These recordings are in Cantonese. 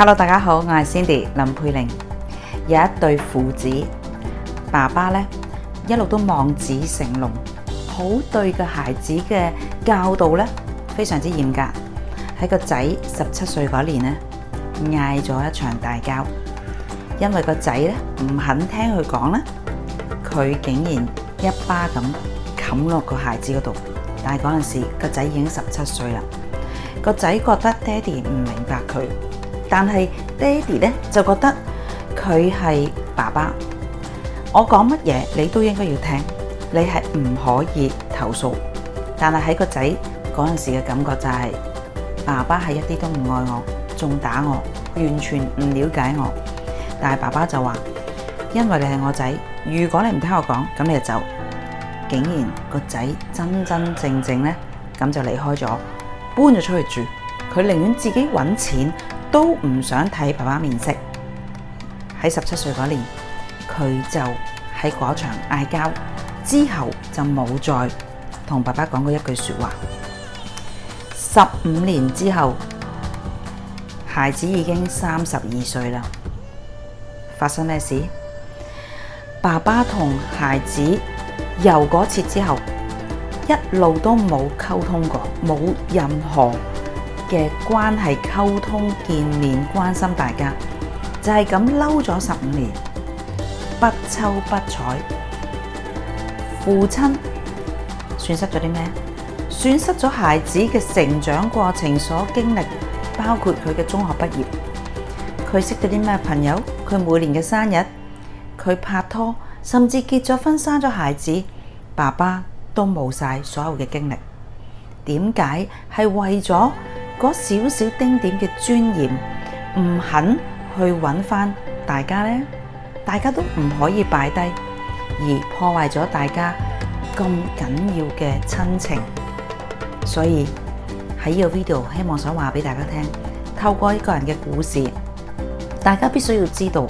Hello，大家好，我係 Cindy 林佩玲。有一對父子，爸爸咧一路都望子成龍，好對個孩子嘅教導咧非常之嚴格。喺個仔十七歲嗰年咧嗌咗一場大交，因為個仔咧唔肯聽佢講啦，佢竟然一巴咁冚落個孩子嗰度。但係嗰陣時個仔已經十七歲啦，個仔覺得爹哋唔明白佢。但係爹哋咧就覺得佢係爸爸，我講乜嘢你都應該要聽，你係唔可以投訴。但係喺個仔嗰陣時嘅感覺就係爸爸係一啲都唔愛我，仲打我，完全唔了解我。但係爸爸就話，因為你係我仔，如果你唔聽我講，咁你就走。竟然個仔真真正正咧咁就離開咗，搬咗出去住，佢寧願自己搵錢，都唔想睇爸爸面色。喺十七歲嗰年，佢就喺嗰場嗌交，之後就冇再同爸爸講過一句說話。十五年之後，孩子已經三十二歲啦。發生咩事？爸爸同孩子由嗰次之後，一路都冇溝通過，冇任何。嘅關係、溝通、見面、關心大家，就係咁嬲咗十五年，不抽不睬。父親損失咗啲咩？損失咗孩子嘅成長過程所經歷，包括佢嘅中學畢業，佢識咗啲咩朋友，佢每年嘅生日，佢拍拖，甚至結咗婚生咗孩子，爸爸都冇晒所有嘅經歷。點解係為咗？嗰少少丁點嘅尊嚴，唔肯去揾返大家咧，大家都唔可以擺低，而破壞咗大家咁緊要嘅親情。所以喺呢個 video，希望想話俾大家聽，透過一個人嘅故事，大家必須要知道。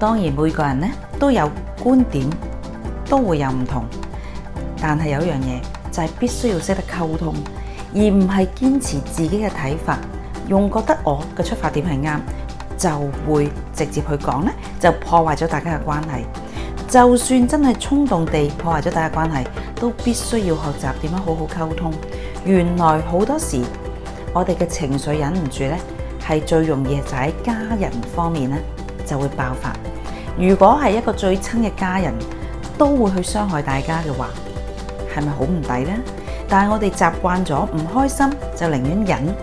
當然每個人咧都有觀點，都會有唔同，但係有一樣嘢就係、是、必須要識得溝通。而唔係堅持自己嘅睇法，用覺得我嘅出發點係啱，就會直接去講咧，就破壞咗大家嘅關係。就算真係衝動地破壞咗大家嘅關係，都必須要學習點樣好好溝通。原來好多時我哋嘅情緒忍唔住咧，係最容易就喺家人方面咧就會爆發。如果係一個最親嘅家人都會去傷害大家嘅話，係咪好唔抵呢？但係我哋習慣咗唔開心，就寧願忍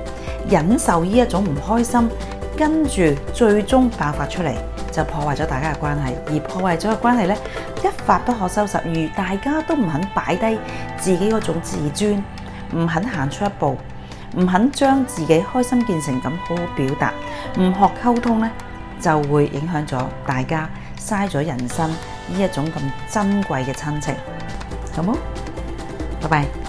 忍受，呢一種唔開心，跟住最終爆發出嚟，就破壞咗大家嘅關係。而破壞咗嘅關係呢，一發不可收拾，如大家都唔肯擺低自己嗰種自尊，唔肯行出一步，唔肯將自己開心見誠咁好好表達，唔學溝通呢，就會影響咗大家，嘥咗人生呢一種咁珍貴嘅親情，好冇？拜拜。